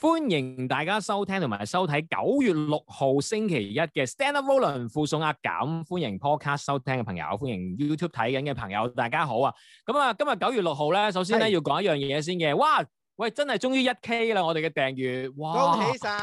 歡迎大家收聽同埋收睇九月六號星期一嘅 Stand Up Roland 附送壓減，歡迎 Podcast 收聽嘅朋友，歡迎 YouTube 睇緊嘅朋友，大家好啊！咁啊，今日九月六號咧，首先咧要講一樣嘢先嘅，哇！喂，真係終於一 K 啦，我哋嘅訂閱，哇！恭喜晒，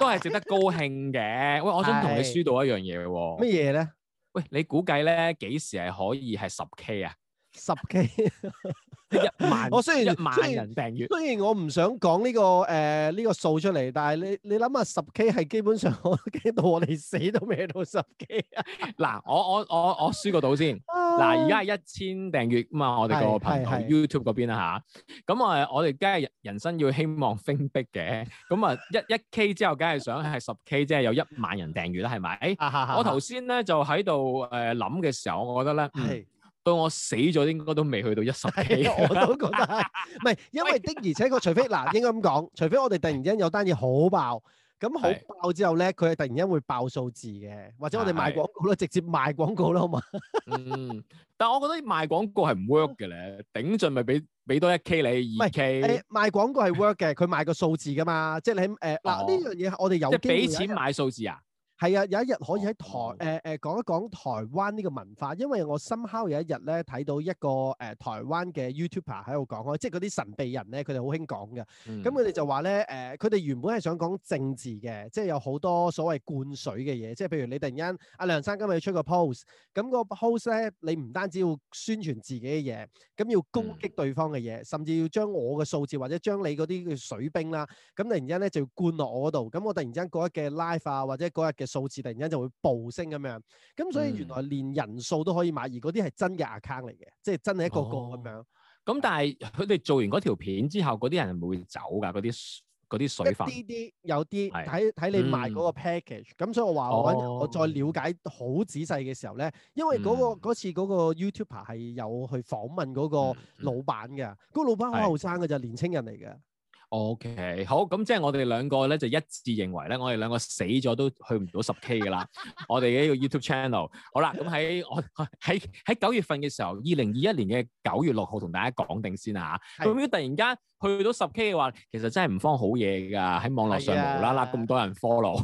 都係值得高興嘅。喂，我想同你輸到一樣嘢，乜嘢咧？喂，你估計咧幾時係可以係十 K 啊？十 K 一萬，我雖然一萬人訂閱，雖然我唔想講呢、呢個誒呢、uh, 個數出嚟，但係你你諗下十 K 係基本上我 到我哋死都未到十 K 啊！嗱，我我我我輸個到先，嗱而家係一千訂閱嘛，我哋個頻道 YouTube 嗰邊啦嚇。咁啊，嗯嗯、我哋梗係人生要希望升逼嘅，咁啊 一一 K 之後梗係想係十 K，即係有一萬人訂閱啦，係咪？欸、 我頭先咧就喺度誒諗嘅時候，我覺得咧。嗯 我死咗應該都未去到一十幾，我都覺得係。唔係，因為的而且確，除非嗱，應該咁講，除非我哋突然之間有單嘢好爆，咁好是爆之後咧，佢係突然間會爆數字嘅，或者我哋賣廣告咯，是直接賣廣告咯，好嘛？ 嗯，但係我覺得賣廣告係唔 work 嘅咧，頂盡咪俾俾多一 K 你二 K。誒、呃、賣廣告係 work 嘅，佢賣個數字㗎嘛，即係你喺誒嗱呢樣嘢，我哋有俾錢買數字啊？係啊，有一日可以喺台誒誒、呃、講一講台灣呢個文化，因為我深刻有一日咧睇到一個誒、呃、台灣嘅 YouTuber 喺度講開，即係嗰啲神秘人咧，佢哋好興講嘅。咁佢哋就話咧誒，佢、呃、哋原本係想講政治嘅，即係有好多所謂灌水嘅嘢，即係譬如你突然間阿梁生今日要出個 post，咁個 post 咧你唔單止要宣傳自己嘅嘢，咁要攻擊對方嘅嘢，甚至要將我嘅數字或者將你嗰啲水兵啦、啊，咁突然間咧就要灌落我度，咁我突然間嗰日嘅 live 啊或者嗰日嘅。數字突然間就會暴升咁樣，咁所以原來連人數都可以買，而嗰啲係真嘅 account 嚟嘅，即係真係一個個咁樣。咁、哦、但係佢哋做完嗰條片之後，嗰啲人會唔會走㗎？嗰啲啲水分啲啲有啲睇睇你賣嗰個 package、嗯。咁所以我話我我再了解好仔細嘅時候咧，哦、因為嗰、嗰個嗰、嗯、次嗰個 YouTuber 係有去訪問嗰個老闆嘅，嗰、嗯嗯嗯、個老闆好後生嘅就年青是人嚟嘅。OK，好，咁即係我哋兩個咧就一致認為咧，我哋兩個死咗都去唔到十 K 噶啦。 我哋嘅呢個 YouTube channel，好啦，咁喺我喺喺九月份嘅時候，二零二一年嘅九月六號同大家講定先啊吓，會唔會突然間？去到十 K 嘅話，其實真係唔慌好嘢㗎，喺網絡上、啊、無啦啦咁多人 follow，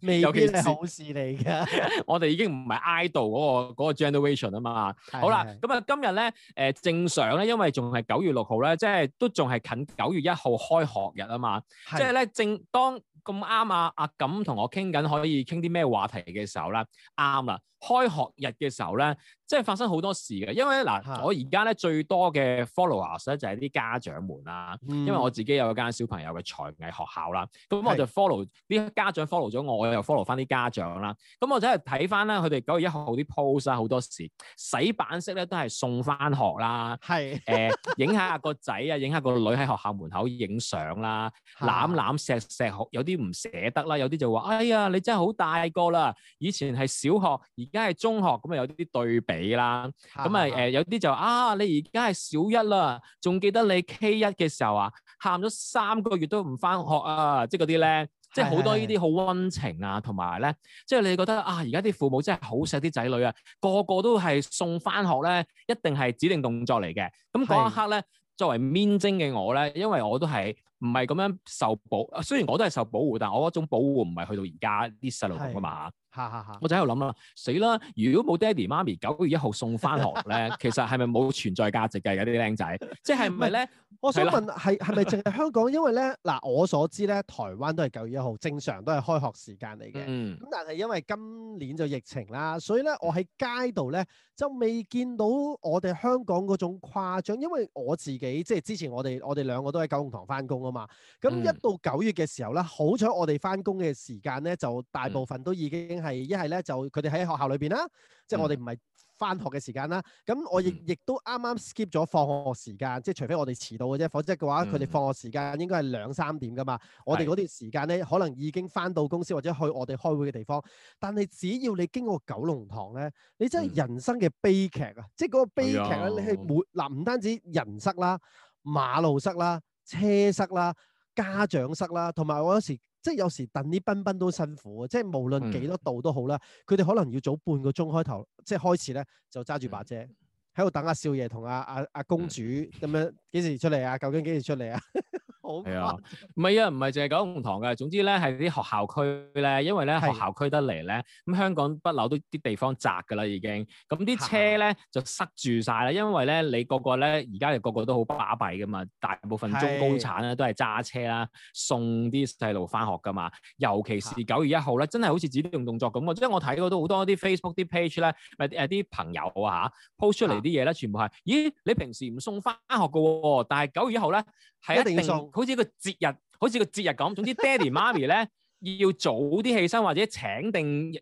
尤其係好事嚟噶。 我哋已經唔係 idol 嗰、嗰個嗰個 generation 啊嘛。係係係好啦，咁、嗯、啊今日咧誒正常咧，因為仲係九月六號咧，即係都仲係近九月一號開學日啊嘛。即係咧，正當。咁啱啊！阿錦同我傾緊可以傾啲咩話題嘅時候咧，啱啦！開學日嘅時候咧，即係發生好多事嘅，因為嗱，我而家咧最多嘅 followers 咧就係啲家長們啦，因為我自己有一間小朋友嘅才藝學校啦，咁我就 follow 啲家長 follow 咗我，又 follow 翻啲家長啦，咁我真係睇翻咧佢哋九月一號啲 post 啦，好多時洗版式咧都係送翻學啦，係誒影下個仔啊，影下個女喺學校門口影相啦，攬攬錫錫學有啲。唔捨得啦，有啲就話：哎呀，你真係好大個啦！以前係小學，而家係中學，咁啊有啲對比啦。咁啊誒，有啲就啊，你而家係小一啦，仲記得你 K 一嘅時候啊，喊咗三個月都唔翻學啊、哦！即係嗰啲咧，即係好多呢啲好溫情啊，同埋咧，即係你覺得啊，而家啲父母真係好錫啲仔女啊，個個都係送翻學咧，一定係指定動作嚟嘅。咁嗰一刻咧，的作為面精嘅我咧，因為我都係。唔係咁樣受保，雖然我都係受保護，但我嗰種保護唔係去到而家啲細路嘅嘛。嚇嚇嚇！ 我就喺度諗啦，死啦！如果冇爹哋媽咪，九月一號送翻學咧，其實係咪冇存在價值嘅？有啲僆仔，即係唔係咧？ 我想問係係咪淨係香港？ 因為咧嗱，我所知咧，台灣都係九月一號正常都係開學時間嚟嘅。咁、嗯、但係因為今年就疫情啦，所以咧我喺街度咧就未見到我哋香港嗰種誇張，因為我自己即係之前我哋我哋兩個都喺九龍塘翻工。啊嘛，咁一到九月嘅時候咧，嗯、好彩我哋翻工嘅時間咧，就大部分都已經係一係咧，就佢哋喺學校裏邊啦，嗯、即係我哋唔係翻學嘅時間啦。咁、嗯、我亦亦都啱啱 skip 咗放學時間，即係除非我哋遲到嘅啫。否則嘅話，佢哋、嗯、放學時間應該係兩三點噶嘛。嗯、我哋嗰段時間咧，可能已經翻到公司或者去我哋開會嘅地方。但係只要你經過九龍塘咧，你真係人生嘅悲劇啊！嗯、即係嗰個悲劇咧，哎、呦你係沒嗱，唔、呃、單止人塞啦，馬路塞啦。車塞啦，家長塞啦，同埋我有時即係有時等啲賓賓都辛苦，即係無論幾多度都好啦，佢哋、嗯、可能要早半個鐘開頭即係開始咧，就揸住把遮喺度等阿少爺同阿阿阿公主咁、嗯、樣幾時出嚟啊？究竟幾時出嚟啊？ 係啊，唔係啊，唔係淨係九龍塘嘅，總之咧係啲學校區咧，因為咧是的 學校區得嚟咧，咁香港不嬲都啲地方窄噶啦，已、嗯、經，咁啲車咧就塞住晒啦，因為咧你個個咧而家你個個都好巴閉噶嘛，大部分中高產咧是的 都係揸車啦，送啲細路翻學噶嘛，尤其是九月一號咧，真係好似指定動作咁嘅，即、就、係、是、我睇過都好多啲 Facebook 啲 page 咧，咪誒啲朋友啊吓，post 出嚟啲嘢咧，全部係，咦，你平時唔送翻學嘅、啊，但係九月一號咧。係一定，好似個節日，好似個節日咁。總之，爹哋媽咪咧 要早啲起身，或者請定日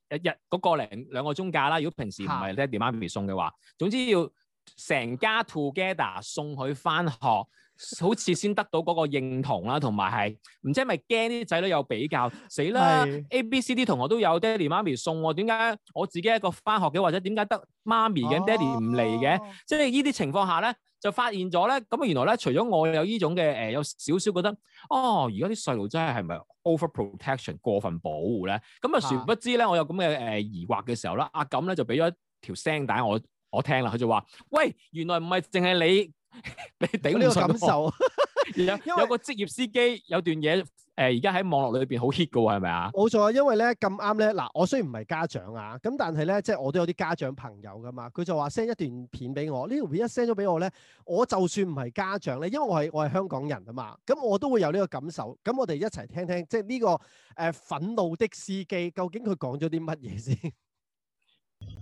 嗰、嗰個零兩個鐘假啦。如果平時唔係爹哋媽咪送嘅話，是的 總之要成家 together 送佢翻學，好似先得到嗰個認同啦，同埋係唔知係咪驚啲仔女有比較？死啦的，A、B、C、D 同學都有爹哋媽咪送、啊，點解我自己一個翻學嘅，或者點解得媽咪嘅、oh、爹哋唔嚟嘅？即係呢啲情況下咧。就發現咗咧，咁啊原來咧，除咗我有呢種嘅誒，有少少、呃、覺得，哦，而家啲細路真係係咪 overprotection 過分保護咧？咁啊，殊不知咧，我有咁嘅誒疑惑嘅時候啦，阿錦咧就俾咗條聲帶我我聽啦，佢就話：喂，原來唔係淨係你 你屌呢個感受。 因為有有個職業司機有段嘢，誒而家喺網絡裏邊好 hit 嘅喎，係咪啊？冇錯啊，因為咧咁啱咧，嗱我雖然唔係家長啊，咁但係咧即係我都有啲家長朋友噶嘛，佢就話 send 一段片俾我，呢條片一 send 咗俾我咧，我就算唔係家長咧，因為我係我係香港人啊嘛，咁我都會有呢個感受。咁我哋一齊聽聽，即係、這、呢個誒、呃、憤怒的司機究竟佢講咗啲乜嘢先？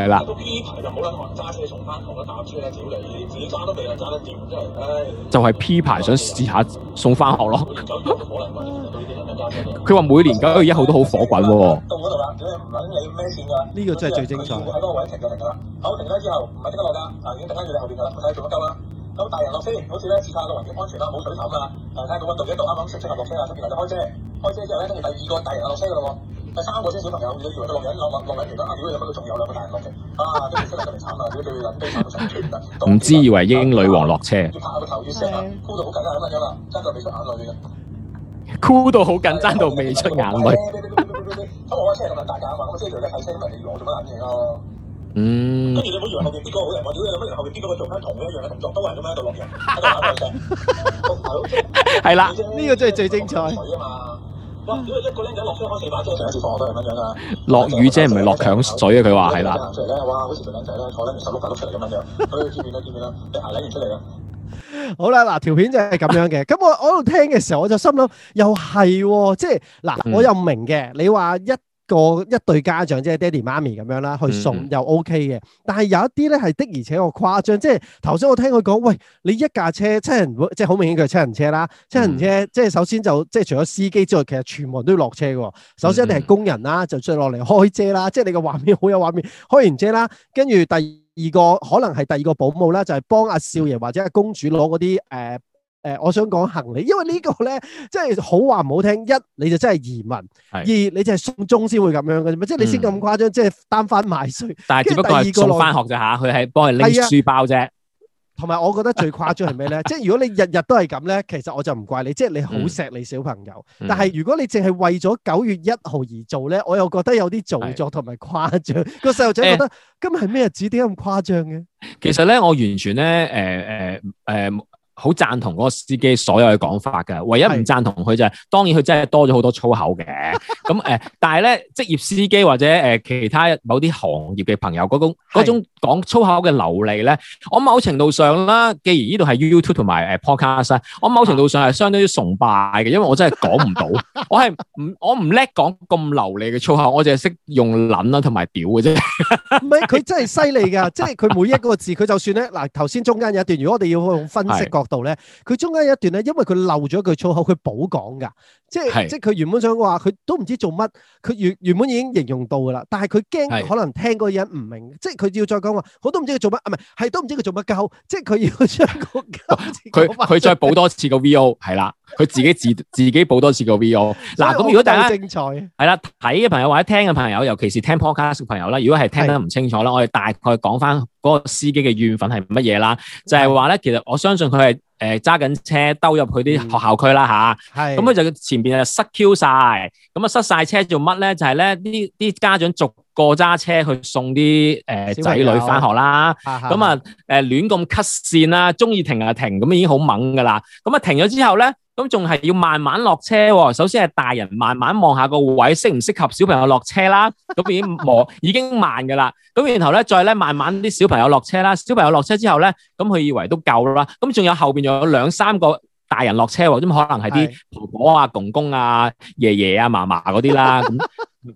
係啦，都 P 牌就好啦，同人揸車送翻學，同我搭車咧，自己嚟，自己揸都未有揸得掂，真係，唉。就係 P 牌想試下送翻學咯。佢話每年九月一號都好火滾喎。到嗰度啦，唔揾你咩錢噶啦。呢個真係最精彩。喺個位停就嚟噶啦，好停低之後唔係即刻落架，已經停緊住你後邊噶啦，睇下做乜鳩啦。咁大人落車，好似咧視下個環境安全啦，冇水喉啊，睇下個溫度幾度啱啱適適合落車啊，出邊就開車，開車之後咧，跟住第二個大人又落車噶咯，第三個先小朋友，如果仲落緊落落緊其他，如果有乜嘢仲有兩個大人落嚟。啊真係真係慘啊，呢對人機唔適應，唔得。唔知以為英女王落車。啊、要拍下個頭先，的哭到好緊張咁樣啦，真係未出眼淚嘅，哭到好緊張到未出眼淚。開我車咁啊大膽啊嘛，咁我車睇咧係車尾攞咗乜撚嘢咯。啊嗯，跟住你冇以為後邊邊個好人，或者有乜嘢後邊邊個做翻同一樣嘅動作，都係咁樣一路落嚟，一路落嚟，係啦，呢個真係最精彩啊嘛！哇，呢個一個靚仔落車開四百車，上一次放我都係咁樣噶。落雨啫，唔係落強水啊！佢話係啦。哇，嗰時做靚仔咧，坐喺度手碌塊碌出嚟咁樣樣，去見片啦，見片啦，爬兩面出嚟啦。好啦，嗱條片就係咁樣嘅。咁我喺度聽嘅時候，我就心諗，又係即係嗱，我又唔明嘅。你話一。一個一對家長即係爹地媽咪咁樣啦，去送又 OK 嘅。但係有一啲咧係的而且確誇張，即係頭先我聽佢講，喂，你一架車七人，即係好明顯佢係七人車啦。七人車即係首先就即係除咗司機之外，其實全部人都要落車嘅。首先你係工人啦，就出落嚟開車啦。即係你個畫面好有畫面，開完車啦，跟住第二個可能係第二個保姆啦，就係、是、幫阿少爺或者阿公主攞嗰啲誒。呃誒，我想講行李，因為呢個咧，即係好話唔好聽，一你就真係移民；二你就係送中先會咁樣嘅啫嘛，即係你先咁誇張，即係擔翻埋書。但係只不過係送翻學啫吓，佢係幫你拎書包啫。同埋，我覺得最誇張係咩咧？即係如果你日日都係咁咧，其實我就唔怪你，即係你好錫你小朋友。但係如果你淨係為咗九月一號而做咧，我又覺得有啲做作同埋誇張。個細路仔覺得今日係咩日子點解咁誇張嘅？其實咧，我完全咧，誒誒誒。好贊同嗰個司機所有嘅講法㗎，唯一唔贊同佢就係、是、當然佢真係多咗好多粗口嘅。咁、嗯、誒，但係咧，職業司機或者誒其他某啲行業嘅朋友嗰、那個、 種嗰種講粗口嘅流利咧，我某程度上啦，既然呢度係 YouTube 同埋誒 Podcast 我某程度上係相當於崇拜嘅，因為我真係講唔到，我係唔 ii 我唔叻講咁流利嘅粗口，我淨係識用撚啦同埋屌嘅啫。唔係佢真係犀利㗎，即係佢每一個字，佢就算咧嗱頭先中間有一段，如果我哋要去分析角度咧，佢中間有一段咧，因為佢漏咗一句粗口，佢補講噶，即係是即係佢原本想話，佢都唔知做乜，佢原原本已經形容到噶啦，但係佢驚可能聽嗰個人唔明是即，即係佢要 再講話，我都唔知佢做乜啊，唔係係都唔知佢做乜鳩，即係佢要將個佢佢再補多次個 VO 係啦。佢 自己自自己補多次個 V.O. 嗱，咁、 啊、如果大家精彩，係啦睇嘅朋友或者聽嘅朋友，尤其是聽 podcast 嘅朋友咧，如果係聽得唔清楚咧，的我哋大概講返嗰個司機嘅怨憤係乜嘢啦？就係話咧，其實我相信佢係。誒，揸緊車兜入去啲學校區啦吓，咁佢就前邊就塞 Q 晒，咁啊塞晒車做乜咧？就係咧，啲啲家長逐個揸車去送啲誒仔女翻學啦，咁啊誒亂咁 cut 線啦，中意停就停，咁啊已經好猛噶啦，咁啊停咗之後咧，咁仲係要慢慢落車，首先係大人慢慢望下個位適唔適合小朋友落車啦，咁已經磨已經慢噶啦，咁然後咧再咧慢慢啲小朋友落車啦，小朋友落車之後咧，咁佢以為都夠啦，咁仲有後邊仲。有兩三個大人落車喎，咁可能係啲婆婆 啊、公公啊、爺爺啊、嫲嫲嗰啲啦，咁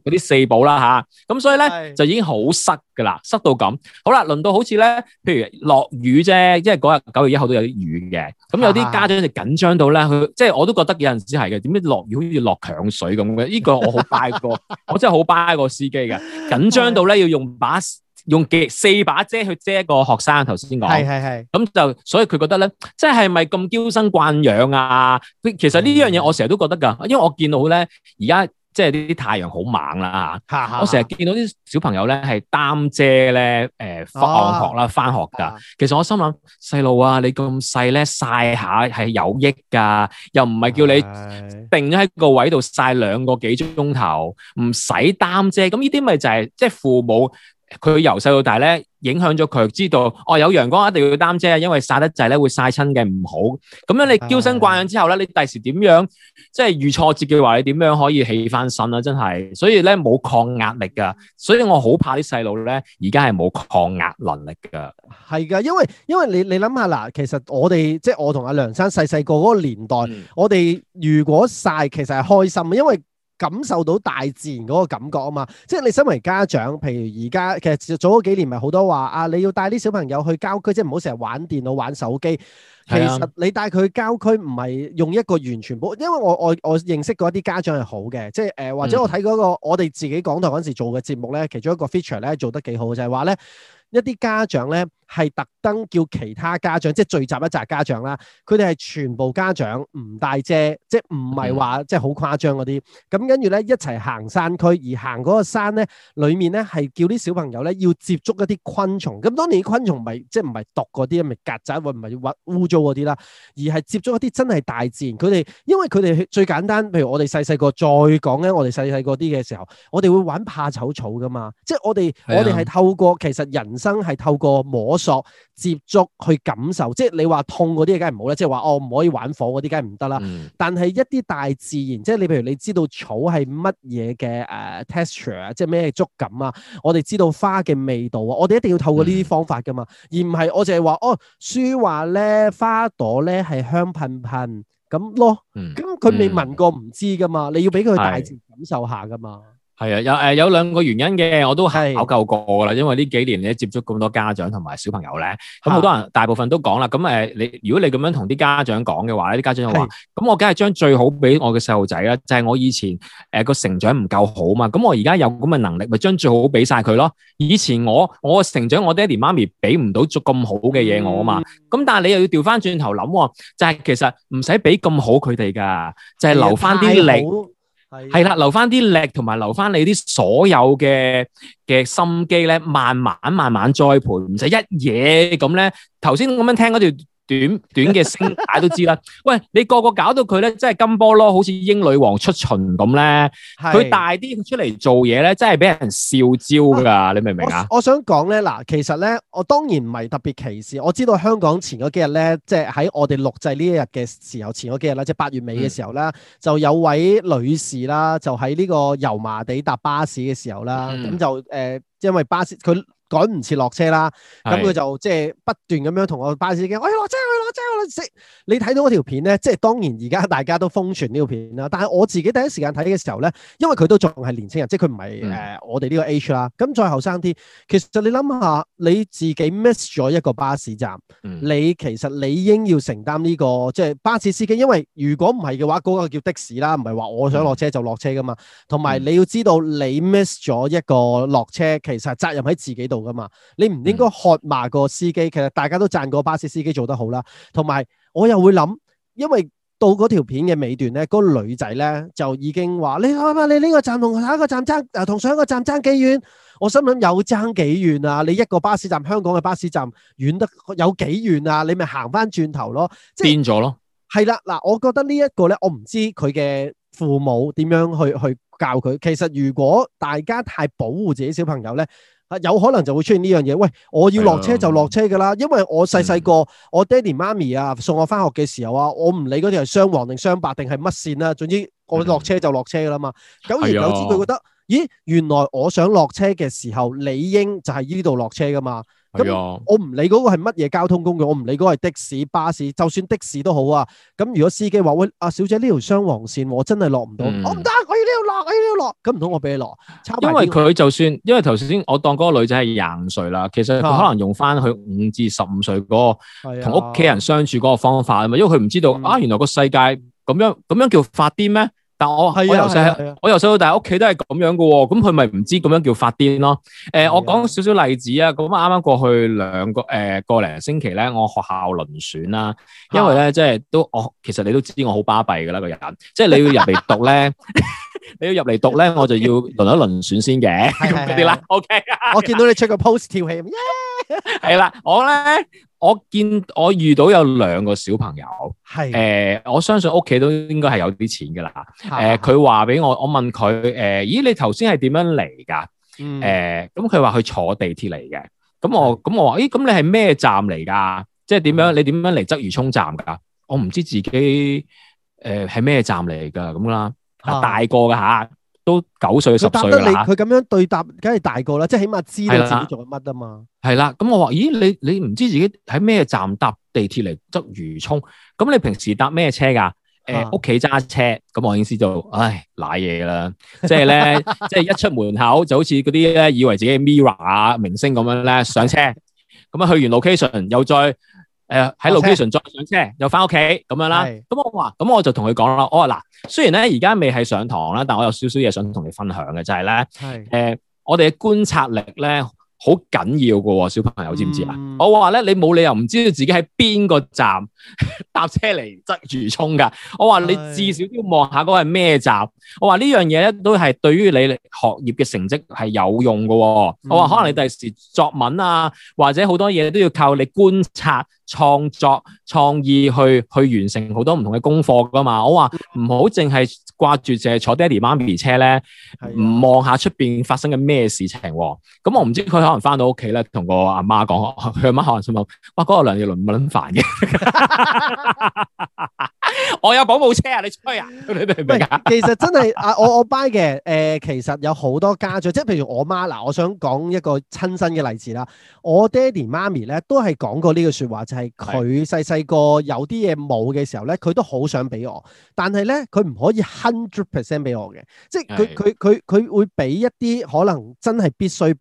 嗰啲四寶啦吓，咁所以咧的就已經好塞噶啦，塞到咁。好啦，輪到好似咧，譬如落雨啫，因為嗰日九月一號都有啲雨嘅。咁有啲家長就緊張到咧， 即係我都覺得有陣時係嘅。點解落雨好似落強水咁嘅？呢、這個我好拜個， 我真係好拜個司機嘅。緊張到咧要用把。用極四把遮去遮個學生，頭先講係係係，咁就所以佢覺得咧，即係咪咁嬌生慣養啊？佢其實呢樣嘢我成日都覺得㗎，因為我見到咧而家即係啲太陽好猛啦，我成日見到啲小朋友咧係擔遮咧誒，放學啦返學㗎。其實我心諗細路啊，你咁細咧曬下係有益㗎，又唔係叫你定喺個位度曬兩個幾鐘頭，唔使擔遮。咁呢啲咪就係即係父母。佢由細到大咧，影響咗佢知道哦，有陽光一定要擔遮啊，因為晒得滯咧會晒親嘅唔好。咁樣你嬌生慣養之後咧，你第時點樣即係遇挫折嘅話，你點樣可以起翻身啊？真係，所以咧冇抗壓力噶，所以我好怕啲細路咧，而家係冇抗壓能力噶。係噶，因為因為你你諗下嗱，其實我哋即係我同阿梁生細細個嗰個年代，嗯、我哋如果晒其實係開心，因為。感受到大自然嗰個感覺啊嘛，即係你身為家長，譬如而家其實早嗰幾年咪好多話啊，你要帶啲小朋友去郊區，即係唔好成日玩電腦、玩手機。其實你帶佢去郊區唔係用一個完全保，因為我我我認識過一啲家長係好嘅，即係誒、呃、或者我睇過一個我哋自己港台嗰陣時做嘅節目咧，其中一個 feature 咧做得幾好，就係話咧。一啲家長咧係特登叫其他家長，即係聚集一紮家長啦。佢哋係全部家長唔帶遮，即係唔係話即係好誇張嗰啲。咁跟住咧一齊行山區，而行嗰個山咧，裡面咧係叫啲小朋友咧要接觸一啲昆蟲。咁當然昆蟲唔係即係唔係毒嗰啲，唔係曱甴或唔係或污糟嗰啲啦，而係接觸一啲真係大自然。佢哋因為佢哋最簡單，譬如我哋細細個再講咧，我哋細細個啲嘅時候，我哋會玩怕醜草草噶嘛。即係我哋的我哋係透過其實人。真係透過摸索、接觸去感受，即係你話痛嗰啲梗係唔好啦，即係話哦唔可以玩火嗰啲梗係唔得啦。嗯、但係一啲大自然，即係你譬如你知道草係乜嘢嘅誒 texture 即係咩觸感啊？我哋知道花嘅味道啊，我哋一定要透過呢啲方法噶嘛，嗯、而唔係我淨係話哦書話咧花朵咧係香噴噴咁咯，咁佢未聞過唔知噶嘛，你要俾佢大自然感受下噶嘛。係啊，有誒有兩個原因嘅，我都係考究過啦。的因為呢幾年你接觸咁多家長同埋小朋友咧，咁好的多人大部分都講啦。咁誒，你如果你咁樣同啲家長講嘅話，啲家長就話：咁的我梗係將最好俾我嘅細路仔啦。就係、是、我以前誒個、呃、成長唔夠好嘛。咁我而家有咁嘅能力，咪將最好俾晒佢咯。以前我我成長，我爹哋媽咪俾唔到咁好嘅嘢我啊嘛。咁、嗯、但係你又要調翻轉頭諗，就係、是、其實唔使俾咁好佢哋噶，就係、是、留翻啲力。嗯嗯係啦，留翻啲力，同埋留翻你啲所有嘅嘅心機咧，慢慢慢慢栽培，唔使一嘢咁咧。頭先咁樣聽嗰條。 短短嘅星，大家都知啦。喂，你個個搞到佢咧，真係金菠蘿，好似英女王出巡咁咧。佢大啲出嚟做嘢咧，真係俾人笑招噶。啊、你明唔明啊？我想講咧，嗱，其實咧，我當然唔係特別歧視。我知道香港前嗰幾日咧，即係喺我哋錄製呢一日嘅時候，前嗰幾日啦，即係八月尾嘅時候啦，嗯、就有位女士啦，就喺呢個油麻地搭巴士嘅時候啦，咁、嗯嗯、就誒、呃，即係因為巴士佢，趕唔切落車啦，咁佢的就即係不斷咁樣同我巴士司機：我要落車，我要落車，車。你睇到嗰條片咧，即係當然而家大家都瘋傳呢條片啦。但係我自己第一時間睇嘅時候咧，因為佢都仲係年青人，即係佢唔係誒我哋呢個 H 啦，咁、嗯、再後生啲。其實你諗下，你自己 miss 咗一個巴士站，嗯、你其實理應要承擔呢、這個即係、就是、巴士司機，因為如果唔係嘅話，嗰、那個叫的士啦，唔係話我想落車就落車噶嘛。同埋、嗯、你要知道，你 miss 咗一個落車，其實責任喺自己做噶嘛。你唔應該喝罵個司機。其實大家都讚個巴士司機做得好啦。同埋我又會諗，因為到嗰條片嘅尾段咧，嗰、那個女仔咧就已經話：你睇下，你呢個站同下一個站爭，同上一個站爭幾遠？我心諗有爭幾遠啊？你一個巴士站，香港嘅巴士站遠得有幾遠啊？你咪行翻轉頭咯。變咗咯。係啦、就是，嗱，我覺得呢一個咧，我唔知佢嘅父母點樣去去教佢。其實如果大家太保護自己小朋友咧，啊，有可能就會出現呢樣嘢。喂，我要落車就落車噶啦，因為我細細個，我爹哋媽咪啊送我翻學嘅時候啊，我唔理嗰條係雙黃定雙白定係乜線啦，總之我落車就落車噶啦嘛。久而久之，佢覺得，咦，原來我想落車嘅時候，理應就係呢度落車噶嘛。咁我唔理嗰個係乜嘢交通工具，我唔理嗰個係的士、巴士，就算的士都好啊。咁如果司機話，喂，阿小姐呢條雙黃線我真係落唔到，嗯、我唔得，我要呢度落，我要呢度落，咁唔通我俾你落？差因為佢就算，因為頭先我當嗰個女仔係廿五歲啦，其實佢可能用翻佢五至十五歲嗰個同屋企人相處嗰個方法啊嘛，因為佢唔知道、嗯、啊，原來個世界咁樣咁樣叫發癲咩？我係，啊、我由細，啊啊、我由細到大屋企都係咁樣嘅喎，咁佢咪唔知咁樣叫發癲咯？誒、呃，啊、我講少少例子啊，咁啱啱過去兩個誒個零星期咧，我學校輪選啦，因為咧、啊、即係都我、哦、其實你都知我好巴閉嘅啦個人，即係你要入嚟讀咧。 你要入嚟讀咧，我就要輪一輪選先嘅咁嗰啲啦。 的 OK，我見到你出個 post 跳起，係、yeah! 啦，我咧，我見我遇到有兩個小朋友，係誒的、呃，我相信屋企都應該係有啲錢噶啦。誒的，佢話俾我，我問佢誒、呃嗯呃，咦，你頭先係點樣嚟噶？誒，咁佢話佢坐地鐵嚟嘅，咁我咁我話，咦，咁你係咩站嚟噶？即係點樣？你點樣嚟鰂魚涌站噶？我唔知自己誒係咩站嚟噶咁啦。係大個噶吓，都九歲十歲啦。佢答得你，佢咁樣對答，梗係大個啦。即係起碼知你自己做緊乜啊嘛。係啦，咁我話，咦，你你唔知自己喺咩站搭地鐵嚟鰂魚涌？咁你平時搭咩車噶？誒，屋企揸車，咁我意思就，唉，賴嘢啦。即係咧，即係一出門口就好似嗰啲咧，以為自己 MIRROR 啊明星咁樣咧上車，咁樣去完 location 又再。係喺 location 再上車，又翻屋企咁樣啦。咁我話，咁我就同佢講啦。我話嗱，雖然咧而家未係上堂啦，但我有少少嘢想同你分享嘅，就係、係、咧，誒的、呃，我哋嘅觀察力咧好緊要噶，小朋友知唔知啊？嗯、我話咧，你冇理由唔知道自己喺邊個站。搭車嚟，執住衝噶。我話你至少都要望下嗰個係咩站。我話呢樣嘢咧，都係對於你學業嘅成績係有用噶。嗯、我話可能你第時作文啊，或者好多嘢都要靠你觀察、創作、創意去去完成好多唔同嘅功課噶嘛。我話唔好淨係掛住淨係坐爹哋媽咪車咧，唔望下出邊發生嘅咩事情。咁的我唔知佢可能翻到屋企咧，同個阿媽講，佢阿媽可能想問，哇嗰、嗰個梁耀倫唔撚煩嘅。 我有保姆車啊！你吹啊！你哋唔係，其實真係啊，我我 buy 嘅誒，其實有好多家長，即係譬如我媽嗱，我想講一個親身嘅例子啦。我爹哋媽咪咧都係講過呢句說話，就係佢細細個有啲嘢冇嘅時候咧，佢都好想俾我，但係咧佢唔可以 hundred percent 俾我嘅，即係佢佢佢佢會俾一啲可能真係必需品。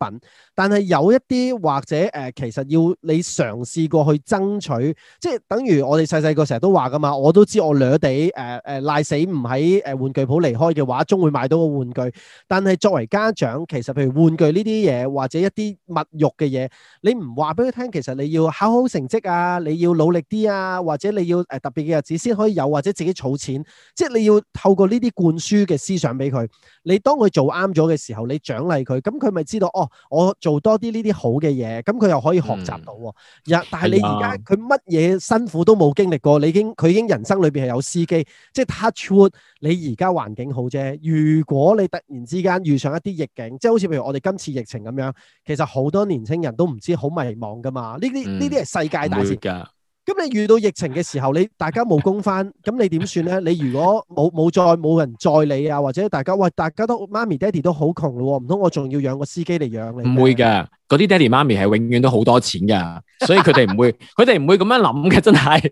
但係有一啲或者誒、呃，其實要你嘗試過去爭取，即係等於我哋細細個成日都話㗎嘛。我都知我癩地誒誒、呃呃、賴死唔喺誒玩具鋪離開嘅話，終會買到個玩具。但係作為家長，其實譬如玩具呢啲嘢，或者一啲物慾嘅嘢，你唔話俾佢聽，其實你要考好好成績啊，你要努力啲啊，或者你要誒特別嘅日子先可以有，或者自己儲錢，即係你要透過呢啲灌輸嘅思想俾佢。你當佢做啱咗嘅時候，你獎勵佢，咁佢咪知道哦，我。做多啲呢啲好嘅嘢，咁佢又可以學習到。嗯、但係你而家佢乜嘢辛苦都冇經歷過，你已經佢已經人生裏邊係有司機，即係 touch wood。你而家環境好啫，如果你突然之間遇上一啲逆境，即係好似譬如我哋今次疫情咁樣，其實好多年青人都唔知好迷茫噶嘛。呢啲呢啲係世界大事㗎。嗯咁你遇到疫情嘅時候，你大家冇工返，咁你點算咧？你如果冇冇再冇人再你啊，或者大家喂，大家都媽咪爹哋都好窮咯，唔通我仲要養個司機嚟養你？唔會㗎，嗰啲爹哋媽咪係永遠都好多錢噶，所以佢哋唔會，佢哋唔會咁樣諗嘅，真係。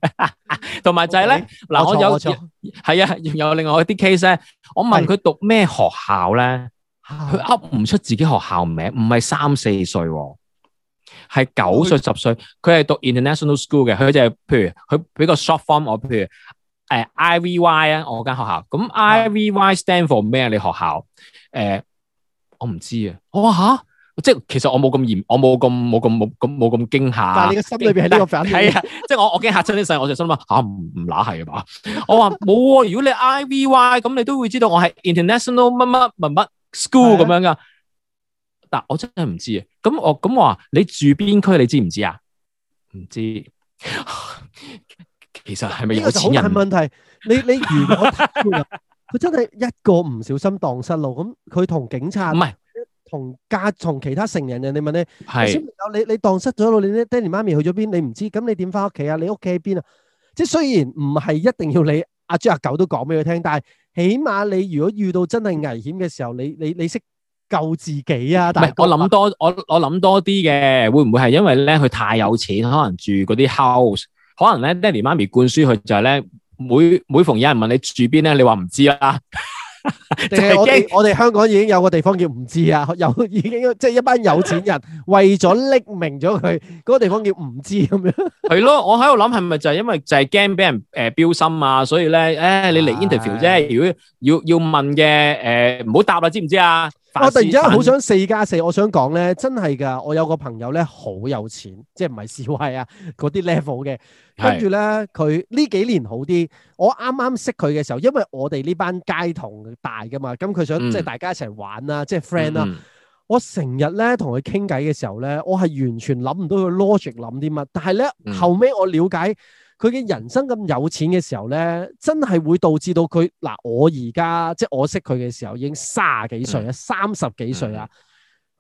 同埋就係咧，嗱我有，係啊，有另外一啲 case 咧，我問佢讀咩學校咧，佢噏唔出自己學校名，唔係三四歲。係九歲十歲，佢係讀 international school 嘅，佢就係譬如佢比較 short form，我譬如誒 Ivy 啊，uh, y, 我間學校，咁 Ivy stand for 咩你學校誒、呃，我唔知啊，我話吓，即係其實我冇咁嚴，我冇咁冇咁冇咁冇咁驚吓。但係你嘅心裏邊係呢個反應，係啊， 即係我我驚吓親啲細，我就心諗吓唔唔乸係啊嘛，我話冇、啊啊，如果你 Ivy 咁，v、y, 你都會知道我係 international 乜乜乜乜 school 咁樣噶。但係我真係唔知啊！咁我咁話你住邊區，你知唔知啊？唔知，其實係咪有錢人？呢個就係問題。你你如果佢真係一個唔小心蕩失路，咁佢同警察唔係同家同其他成年人，你問咧係。小朋友，你你蕩失咗路，你爹哋媽咪去咗邊，你唔知，咁你點翻屋企啊？你屋企喺邊啊？即係雖然唔係一定要你阿豬阿狗都講俾佢聽，但係起碼你如果遇到真係危險嘅時候，你你你識。救自己啊！但係，我諗多，我我諗多啲嘅，會唔會係因為咧佢太有錢，可能住嗰啲 house，可能咧爹哋媽咪灌輸佢就係咧每每逢有人問你住邊咧，你話唔知啊。即係驚我我哋香港已經有個地方叫唔知啊，有已經即係一班有錢人為咗匿名咗佢嗰個地方叫唔知咁樣。係咯，我喺度諗係咪就係因為就係驚俾人誒標心啊，所以咧誒你嚟 interview 啫，如果要要問嘅誒唔好答啦，知唔知啊？我突然之間好想四加四，4，我想講咧，真係㗎。我有個朋友咧，好有錢，即係唔係示威啊？嗰啲 level 嘅，跟住咧佢呢幾年好啲。我啱啱識佢嘅時候，因為我哋呢班街童大㗎嘛，咁佢想即係大家一齊玩啦，嗯、即係 friend 啦、啊嗯。我成日咧同佢傾偈嘅時候咧，我係完全諗唔到佢 logic 諗啲乜，但係咧、嗯、後尾我了解。佢嘅人生咁有錢嘅時候呢，真係會導致到佢嗱，我而家即係我識佢嘅時候，已經三十幾歲啦，三十幾歲啦，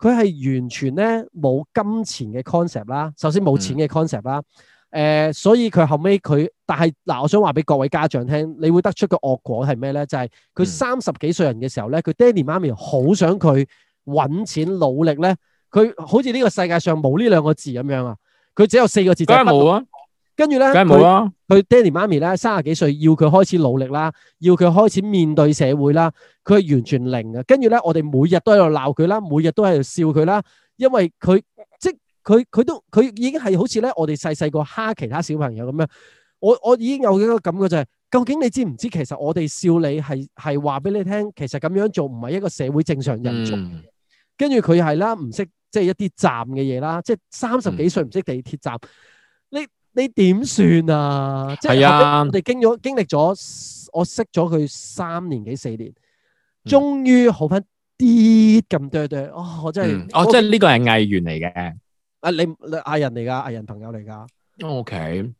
佢係完全呢冇金錢嘅 concept 啦，首先冇錢嘅 concept 啦，誒、呃，所以佢後尾，佢，但係嗱，我想話俾各位家長聽，你會得出個惡果係咩呢？就係、是、佢三十幾歲人嘅時候呢，佢爹哋媽咪好想佢揾錢努力呢。佢好似呢個世界上冇呢兩個字咁樣啊，佢只有四個字，梗係冇啊！跟住咧，梗係冇啊，佢佢爹哋媽咪咧，三十幾歲要佢開始努力啦，要佢開始面對社會啦。佢係完全零嘅。跟住咧，我哋每日都喺度鬧佢啦，每日都喺度笑佢啦。因為佢即佢，佢都佢已經係好似咧，我哋細細個蝦其他小朋友咁樣。我我已經有一個感覺就係、是，究竟你知唔知其？其實我哋笑你係係話俾你聽，其實咁樣做唔係一個社會正常人做。嗯、跟住佢係啦，唔識即係一啲站嘅嘢啦，即係三十幾歲唔識地鐵站，嗯、你。呢點算啊？即係我哋經咗經歷咗，我識咗佢三年幾四年，終於好翻啲咁多對。哦，我真係哦，即係呢個係藝員嚟嘅。啊，你你藝人嚟噶，藝人朋友嚟噶。O K，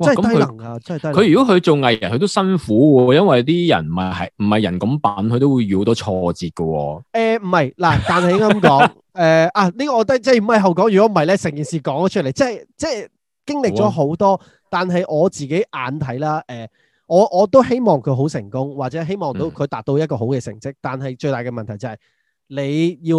真係低能啊，真係低能。佢如果佢做藝人，佢都辛苦，因為啲人唔係係唔係人咁辦，佢都會遇到好多挫折噶。誒，唔係嗱，但係應該講，誒啊，呢個我覺得即係唔係後講。如果唔係咧，成件事講咗出嚟，即係即係。經歷咗好多，但係我自己眼睇啦，誒、呃，我我都希望佢好成功，或者希望到佢達到一個好嘅成績。嗯、但係最大嘅問題就係、是、你要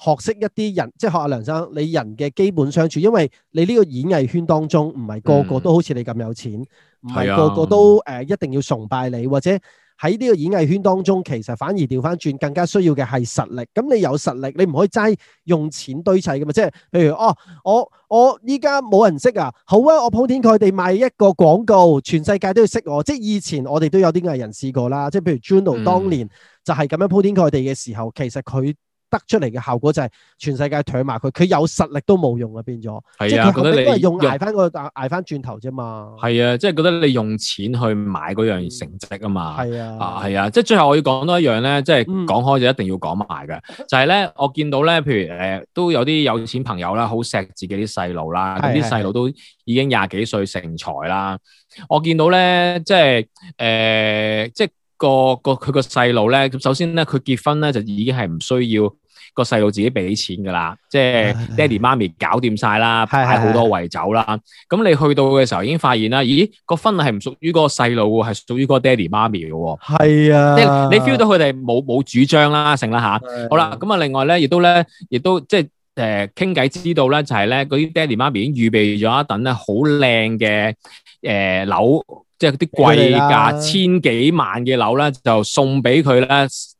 學識一啲人，即係學阿梁生，你人嘅基本相處，因為你呢個演藝圈當中唔係個，個個都好似你咁有錢，唔係、嗯、個個都誒、呃、一定要崇拜你，或者。喺呢個演藝圈當中，其實反而調翻轉，更加需要嘅係實力。咁你有實力，你唔可以齋用錢堆砌噶嘛？即係，譬如哦，我我依家冇人識啊，好啊，我鋪天蓋地買一個廣告，全世界都要識我。即係以前我哋都有啲藝人試過啦，即係譬如 Juno、嗯、當年就係咁樣鋪天蓋地嘅時候，其實佢。得出嚟嘅效果就係全世界唾埋佢，佢有實力都冇用變啊變咗，即係覺得你用，用捱翻個捱翻轉頭啫嘛。係啊，即、就、係、是、覺得你用錢去買嗰樣成績啊嘛。係啊，係啊，啊，即係最後我要講多一樣咧，即係講開就一定要講埋嘅，嗯、就係咧，我見到咧，譬如誒、呃、都有啲有錢朋友啦，好錫自己啲細路啦，啲細路都已經廿幾歲成才啦的的。我見到咧，即係誒、呃，即係。個個佢個細路咧，咁首先咧，佢結婚咧就已經係唔需要個細路自己俾錢噶啦，即係爹哋媽咪搞掂曬啦，擺好多圍酒啦。咁你去到嘅時候已經發現啦，咦，個婚係唔屬於個細路喎，係屬於個爹哋媽咪喎。係啊，即係你 feel 到佢哋冇冇主張啦，成啦吓。好啦，咁啊，另外咧，亦都咧，亦都即係誒傾偈知道咧，就係咧嗰啲爹哋媽咪已經預備咗一頓咧好靚嘅誒樓。即係嗰啲貴價千幾萬嘅樓咧，就送俾佢咧，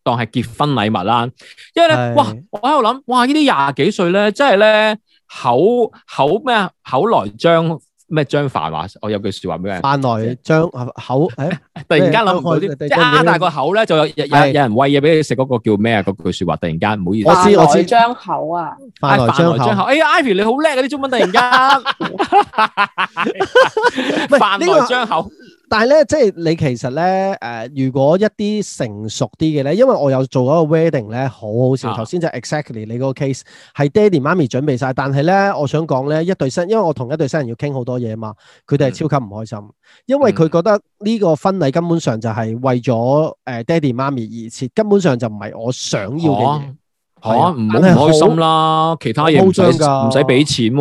當係結婚禮物啦。因為咧，哇！我喺度諗，哇！呢啲廿幾歲咧，即係咧口口咩啊？口來張咩？張飯話：我有句説話俾你。飯來張口，誒！突然間諗嗰啲，啱大個口咧，就有有有人餵嘢俾你食嗰個叫咩啊？嗰句説話，突然間唔好意思。我知我知。張口啊！飯來張口。哎呀，Ivy 你好叻啊！啲中文突然間。飯來張口。但係咧，即係你其實咧，誒、呃，如果一啲成熟啲嘅咧，因為我有做一個 wedding 咧，好好笑。頭先、啊、就 exactly 你個 case 係爹哋媽咪準備晒，但係咧，我想講咧，一對新，因為我同一對新人要傾好多嘢啊嘛，佢哋係超級唔開心，嗯、因為佢覺得呢個婚禮根本上就係為咗誒、呃、爹哋媽咪而設，根本上就唔係我想要嘅嘢。啊吓唔好開心啦，其他嘢唔使唔使俾錢，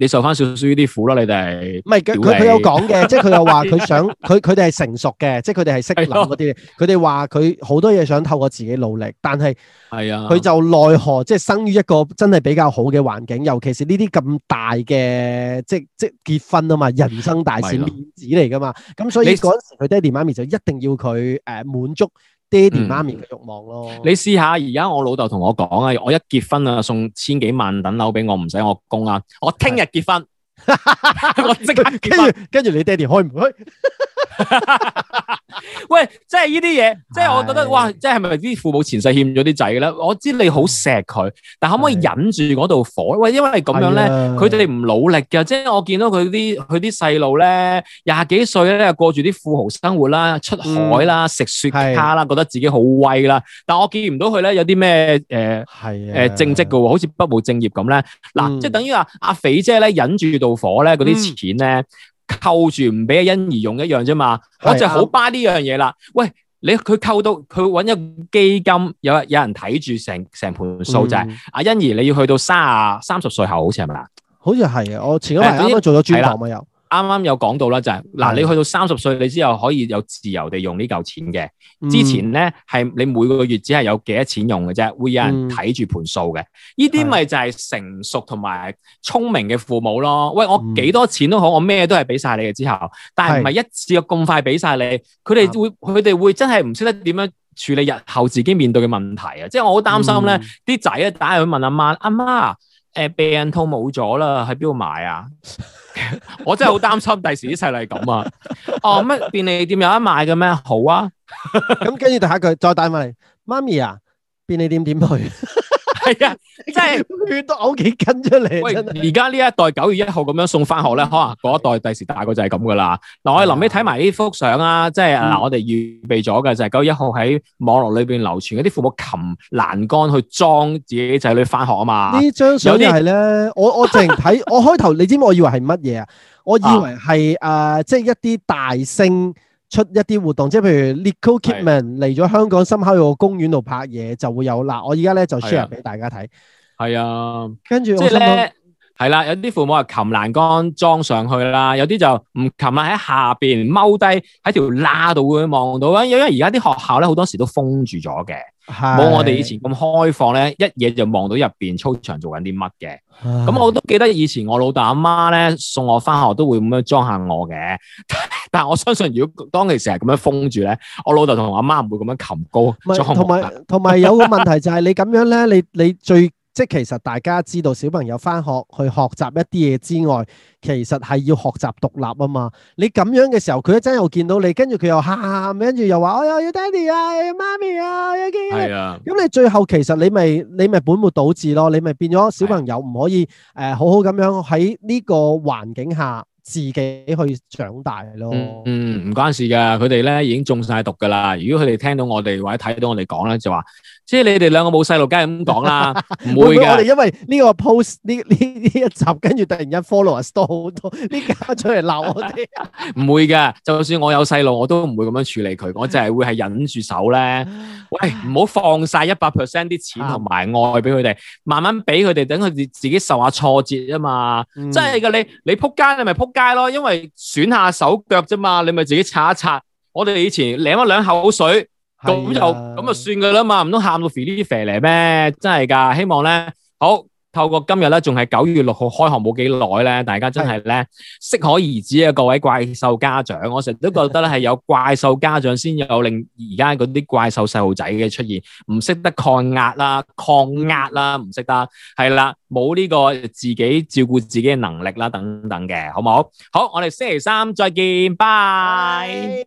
你受翻少少呢啲苦啦，你哋唔係佢佢有講嘅，即係佢又話佢想佢佢哋係成熟嘅，即係佢哋係識諗嗰啲，佢哋話佢好多嘢想透過自己努力，但係係啊，佢就奈何即係生於一個真係比較好嘅環境，尤其是呢啲咁大嘅即即結婚啊嘛，人生大事面子嚟㗎嘛，咁所以嗰陣時佢爹哋媽咪就一定要佢誒滿足。爹哋媽咪嘅慾望咯，嗯、你試下而家我老豆同我講啊，我一結婚啊送千幾萬等樓俾我，唔使我供啊，我聽日結婚，的 我即刻婚 跟住跟住你爹哋開唔去？ 喂，即係呢啲嘢，的即係我覺得哇，即係咪啲父母前世欠咗啲仔嘅咧？我知你好錫佢，但可唔可以忍住嗰度火？喂的，因為你咁樣咧，佢哋唔努力嘅。即係我見到佢啲，佢啲細路咧，廿幾歲咧，過住啲富豪生活啦，出海啦，食、嗯、雪卡啦，的覺得自己好威啦。但我見唔到佢咧有啲咩誒，係、呃、誒的、呃、正職嘅，好似不務正業咁咧。嗱、嗯，即係等於話阿肥姐咧忍住度火咧，嗰啲錢咧。嗯扣住唔俾阿欣怡用一樣啫嘛，的我就好巴呢樣嘢啦。喂，你佢扣到佢揾一個基金，有有人睇住成成盤數，嗯、就係、是、阿、啊、欣怡，你要去到卅三十歲後好似係咪啊？好似係啊，我前一排應該做咗專項啊又。啱啱有講到啦，就係、是、嗱，你去到三十歲，你之後可以有自由地用呢嚿錢嘅。之前咧係你每個月只係有幾多錢用嘅啫，會有人睇住盤數嘅。呢啲咪就係成熟同埋聰明嘅父母咯。喂，我幾多錢都好，我咩都係俾晒你嘅之後，但係唔係一次又咁快俾晒你，佢哋會佢哋會真係唔識得點樣處理日後自己面對嘅問題啊！即係我好擔心咧，啲仔一打去問阿媽，媽，阿媽。誒，避孕套冇咗啦，喺邊度買啊？ 我真係好擔心，第時啲細路咁啊！哦，乜便利店有得買嘅咩？好啊，咁跟住下一句，再帶埋嚟，媽咪啊，便利店點去？ 係啊，即係血都屋企跟出嚟！而家呢一代九月一號咁樣送翻學咧，可能嗰一代第時大個就係咁噶啦。嗱，我哋臨尾睇埋呢幅相啊，即係嗱，我哋預備咗嘅就係、是、九月一號喺網絡裏邊流傳嗰啲父母擒欄杆桿去裝自己仔女翻學啊嘛。呢張相又係咧，我我淨睇 我開頭，你知唔知我以為係乜嘢啊？我以為係誒，即係、啊啊就是、一啲大聲。出一啲活動，即係譬如 Nicole Kidman 嚟咗香港深坑個公園度拍嘢的就會有啦。我而家咧就 share 俾大家睇。係啊，跟住即係咧，係啦，有啲父母啊擒欄杆裝上去啦，有啲就唔擒啦，喺下邊踎低喺條罅度會望到啊。因為而家啲學校咧好多時都封住咗嘅。冇我哋以前咁開放咧，一嘢就望到入邊操場做緊啲乜嘅。咁我都記得以前我老豆阿媽咧送我翻學都會咁樣裝下我嘅。但係我相信如果當其時係咁樣封住咧，我老豆同阿媽唔會咁樣擒高。同埋同埋有，有個問題就係你咁樣咧，你你最。即係其實大家知道小朋友返學去學習一啲嘢之外，其實係要學習獨立啊嘛。你咁樣嘅時候，佢一陣又見到你，跟住佢又喊，喊，跟住又話我又要爹哋啊，要媽咪啊，要依啲。係啊。咁你最後其實你咪你咪本末倒置咯，你咪變咗小朋友唔可以誒是、啊呃、好好咁樣喺呢個環境下自己去長大咯嗯。嗯，唔關事噶，佢哋咧已經中晒毒噶啦。如果佢哋聽到我哋或者睇到我哋講咧，就話。即係你哋兩個冇細路，梗係咁講啦，唔 會嘅。 我哋因為呢個 post 呢呢呢一集，跟住突然間 followers 多好多，呢家出嚟鬧我哋。唔 會嘅，就算我有細路，我都唔會咁樣處理佢。我就係會係忍住手咧。 喂，唔好放晒一百 percent 啲錢同埋愛俾佢哋，慢慢俾佢哋，等佢哋自己受下挫折啊嘛。嗯、真係噶，你你仆街，你咪仆街咯。因為損下手腳啫嘛，你咪自己擦一擦。我哋以前舐一兩口水。咁就咁就算噶啦嘛，唔通喊到肥呢啲肥嚟咩？真係噶，希望咧好透過今日咧，仲係九月六號開學冇幾耐咧，大家真係咧適可而止啊！各位怪獸家長，我成日都覺得咧係有怪獸家長先有令而家嗰啲怪獸細路仔嘅出現，唔識得抗壓啦、抗壓啦，唔識得係啦，冇呢個自己照顧自己嘅能力啦，等等嘅，好唔好？好，我哋星期三再見，拜。